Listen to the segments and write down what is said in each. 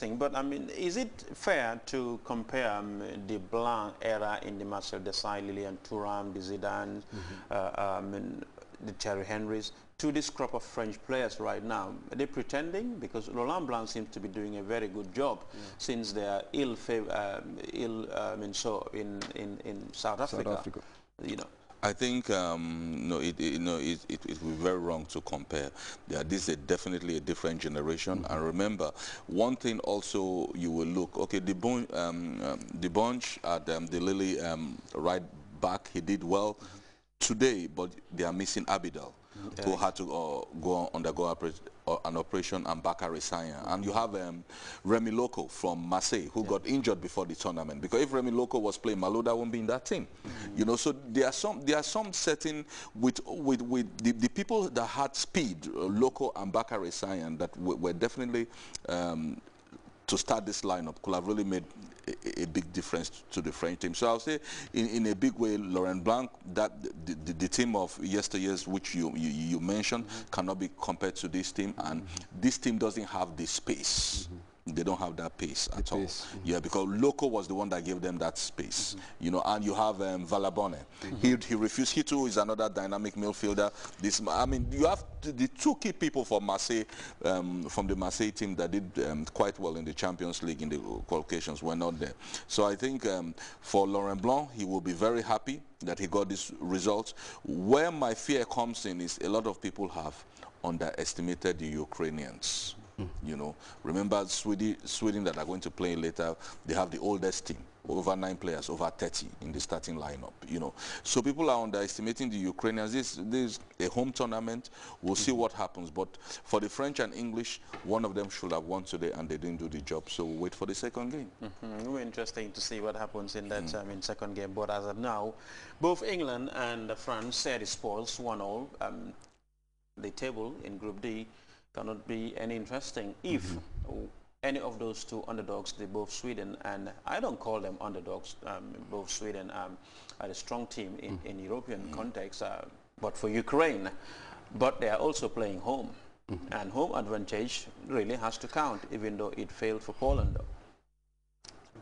thing. But I mean, is it fair to compare um, the Blanc era in the Marcel Desailly, Lilian Thuram, the Zidane, mm -hmm. uh, um, the Terry Henrys to this crop of French players right now? Are they pretending? Because Roland Blanc seems to be doing a very good job yeah. since they are um, ill, um, ill I mean, so in, in, in South Africa. South Africa. You know, I think um, no, it, it no, it, it, it, would be very wrong to compare. Yeah, this is a definitely a different generation. Mm -hmm. And remember, one thing also you will look okay. The, bon um, um, the bunch at um, the Lily um, right back, he did well today, but they are missing Abidal, okay. who had to uh, go undergo uh, an operation, and Bakary Sanya. Mm -hmm. And you have um, Remy Loco from Marseille, who yeah. got injured before the tournament. Because if Remy Loco was playing, Maluda wouldn't be in that team. Mm -hmm. You know, so there are some there are some setting with with with the, the people that had speed, uh, Loco and Bakary Sanya, that were definitely. Um, to start this lineup could have really made a, a, big difference to the French team. So I'll say, in, in a big way, Laurent Blanc, that the, the, the team of yesteryears, which you, you, you mentioned, mm -hmm. cannot be compared to this team. And mm -hmm. this team doesn't have the space. Mm -hmm they don't have that pace at all. mm -hmm. Yeah, because Loco was the one that gave them that space. Mm -hmm. You know, and you have um, Valabone. Mm -hmm. he, he refused. He too is another dynamic midfielder. This, I mean, you have the two key people from Marseille, um, from the Marseille team that did um, quite well in the Champions League in the qualifications were not there. So I think um, for Laurent Blanc, he will be very happy that he got this result. Where my fear comes in is a lot of people have underestimated the Ukrainians. You know, remember Sweden, Sweden that are going to play later, they have the oldest team, over nine players, over 30 in the starting lineup, you know. So people are underestimating the Ukrainians. This, this is a home tournament. We'll see what happens. But for the French and English, one of them should have won today and they didn't do the job. So we'll wait for the second game. Mm -hmm. It'll be interesting to see what happens in that mm. second game. But as of now, both England and France shared the spoils, one all. Um, the table in Group D cannot be any interesting if mm -hmm. any of those two underdogs, they both Sweden, and I don't call them underdogs, um, both Sweden um, are a strong team in, mm. in European mm. context, uh, but for Ukraine, but they are also playing home. Mm -hmm. And home advantage really has to count, even though it failed for Poland. Though.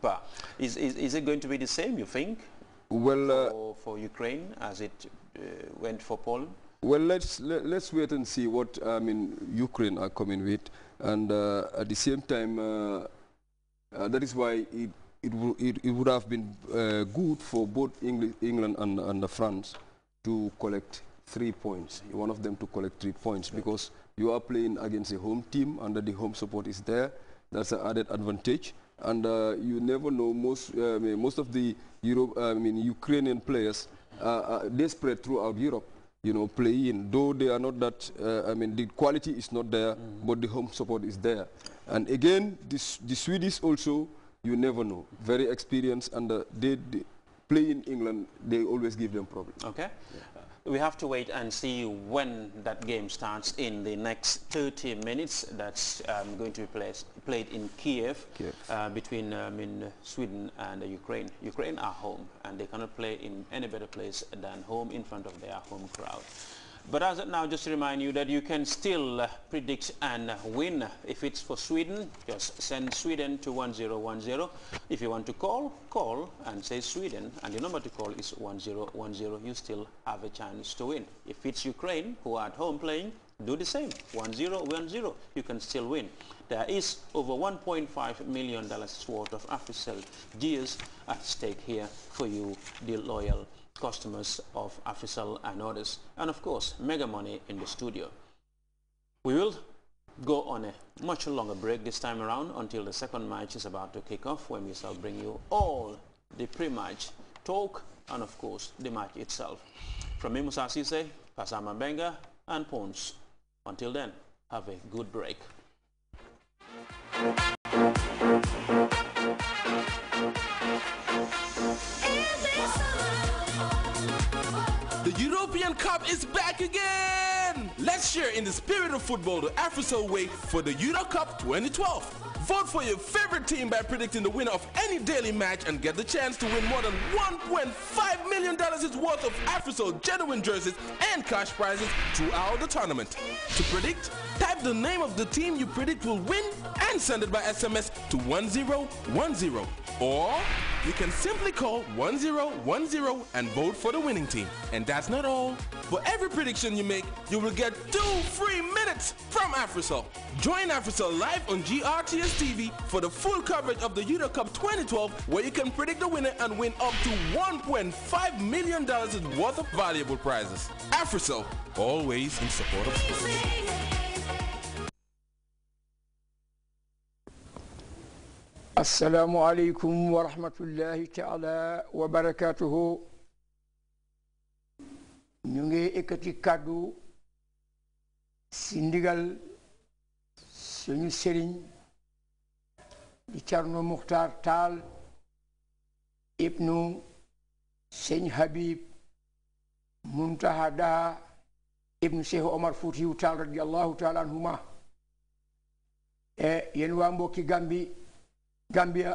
But is, is, is it going to be the same, you think? Well, uh, for, for Ukraine as it uh, went for Poland? Well, let's let, us let us wait and see what I mean Ukraine are coming with, and uh, at the same time, uh, uh, that is why it it, it, it would have been uh, good for both Engli England and, and France to collect three points. One of them to collect three points because you are playing against a home team, and the home support is there. That's an added advantage, and uh, you never know. Most uh, most of the Europe, I mean Ukrainian players, they spread throughout Europe you know, play in. Though they are not that, uh, I mean, the quality is not there, mm. but the home support is there. And again, this, the Swedish also, you never know. Very experienced and uh, they, they, play in England, they always give them problems. Okay. Yeah we have to wait and see when that game starts in the next 30 minutes. That's um, going to be placed, played in Kiev, Kiev. Uh, between um, in Sweden and Ukraine. Ukraine are home and they cannot play in any better place than home in front of their home crowd. But as now just remind you that you can still uh, predict and win. If it's for Sweden, just send Sweden to 1010. If you want to call, call and say Sweden and the number to call is 1010. You still have a chance to win. If it's Ukraine who are at home playing, do the same. 1-0, 1-0, you can still win. There is over $1.5 million worth of AfriCell deals at stake here for you, the loyal customers of AfriCell and others. And of course, mega money in the studio. We will go on a much longer break this time around until the second match is about to kick off when we shall bring you all the pre-match talk and of course the match itself. From Imusa Sise, Pasama Benga and Pons. Until then, have a good break. The European Cup is back again! Let's share in the spirit of football the AfriSoul way for the Euro Cup 2012. Vote for your favorite team by predicting the winner of any daily match and get the chance to win more than $1.5 million worth of AfriSoul genuine jerseys and cash prizes throughout the tournament. To predict, type the name of the team you predict will win and send it by SMS to 1010. Or you can simply call 1010 and vote for the winning team. And that's not all. For every prediction you make, you will get two free minutes from Afrosol. Join AfriCell live on GRTS TV for the full coverage of the Euro Cup 2012 where you can predict the winner and win up to $1.5 million worth of valuable prizes. AfriCell, always in support of sports. asalaamu aleykum wa rahmatullahi taala wa barakatuhu ñu ngi ekkati suñu sëriñ di Cerno Muxtaar Taal ibnu sëñ Habib Muntaha ibnu Cheikh Omar Fuutiyu Taal radiallahu taala anhuma e waa mbokki Gambi Gambia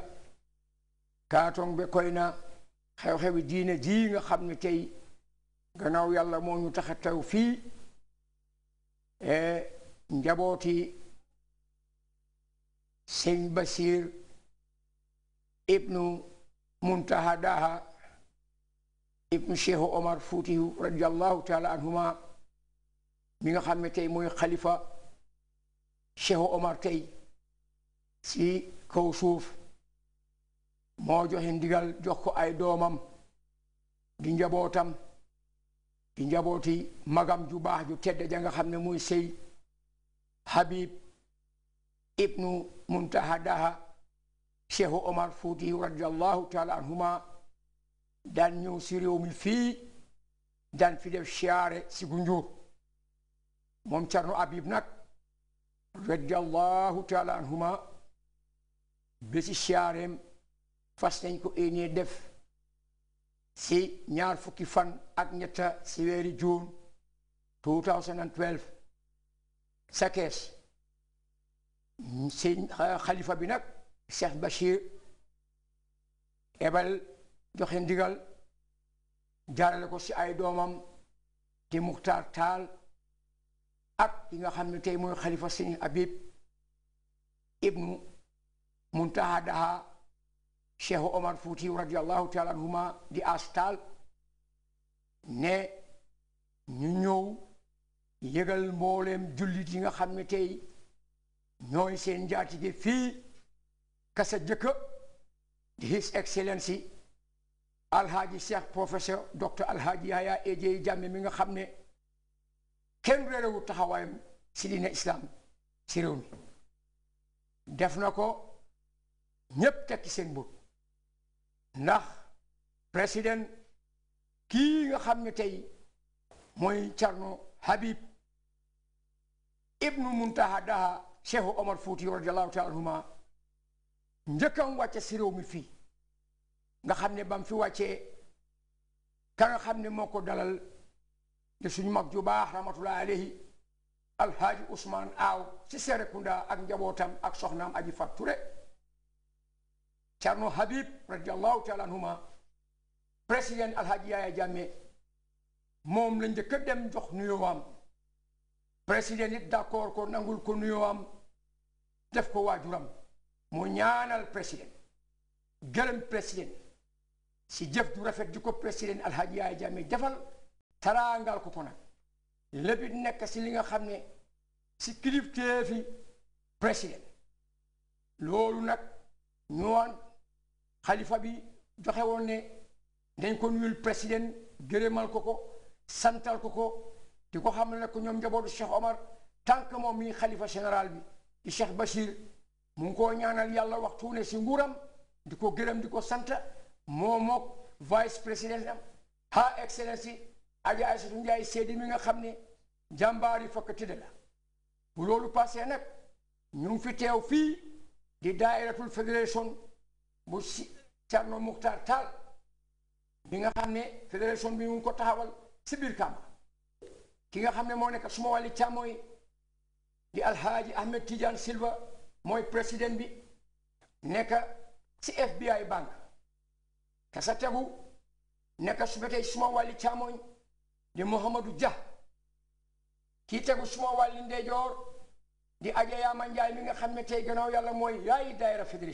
kaatong be koy na xew-xewi diine ji nga xam ne tey gannaaw yàlla moo ñu tax a teew fii eh, njabooti sëñ Bachir ibnu Muntaha Daha ibnu Cheikh Omar Fuutiyu radiallahu taala anhuma mi nga xam ne tey mooy xalifa Cheikh Omar tey si kaw suuf moo joxe ndigal jox ko ay doomam di njabootam di njabooti magam ju baax ju tedd ja nga xam ne muy sëy Habib ibnu muntaha daha cheikhu omar fuuti radiallahu taala anhuma daan ñëw si réew fii daan fi def siyaare si gunjuur moom carno abib nag radiallahu taala anhuma bési siyaareem fas nañ ko éenee def si ñaar fukki fan ak ñetta si weeri juun 2012 sëñ xalifa bi nag Cheikh Bachir ebal joxe ndigal jaarale ko ci ay doomam di Muxtaar Taal ak ki nga xam ne tey mooy xalifa sëñ Habib ibnu Muntaha Daha Cheikh Omar Fouti radiallahu taala anhuma di as taal ne ñu ñëw yëgal mboolem jullit yi nga xam ne tey ñooy seen njaatige fii kasa jëkka di his excellency alhaaji cheikh professeur docteur alhaaji Yahya AJ Jammeh mi nga xam ne kenn réerewu taxawaayam si diine islam si réew mi def na ko ñépp tekki seen bët ndax président kii nga xam ne tey mooy Thierno Habib ibnu Muntaha Daha cheikhu omar fouti radiallahu taala anhuma njëkkam wàcce si réew mi fii nga xam ne bam fi wàccee ka nga xam ne moo ko dalal de suñu mag ju baax rahmatullahi alayhi alhaaji ousmane aaw ci Serekunda ak njabootam ak soxnaam aji fat ture Habib radiallahu taala anhuma président al Yaaya Jammeh moom la njëkk a dem jox nuyoowam président it d'accord ko nangul ko nuyoowam def ko waajuram mu ñaanal président gërëm président si jëf du rafet ju ko président Alhaji Yaya Jammeh defal taraangal ko ko nag lépp nekk si li nga xam ne si kilifteefi président loolu nag ñuwaan xalifa bi joxe woon ne dañ ko nuyul président gërëmal ko ko santal ko ko di ko xamal ne ko ñoom njabootu Cheikh Omar tànk moom mi xalifa général bi ci Cheikh Bachir mu ngi koo ñaanal yàlla waxtu ne si nguuram di ko gërëm di ko sant moo mook vice président am ha excellence yi Adja Aïssatou Ndiaye Seydi mi nga xam ne jàmbaar yi fakk tëdd la bu loolu passé nag ñu ngi fi teew fii di daayiratul fédération bu Thierno Mokhtar Tall bi nga xam ne fédération bi mu ngi ko taxawal si biir Kamba ki nga xam ne moo nekk suma wàlli càmmooy di alxaaji Ahmed Tidiane Silva mooy président bi nekk ci FBI bank ka sa tegu nekk su fekkee suma wàlli càmmoñ di Mohamadou Dia kii tegu suma wàlli ndeyjoor di Aja Yaama Njaay mi nga xam ne tey gannaaw yàlla mooy yaayi daayira fédération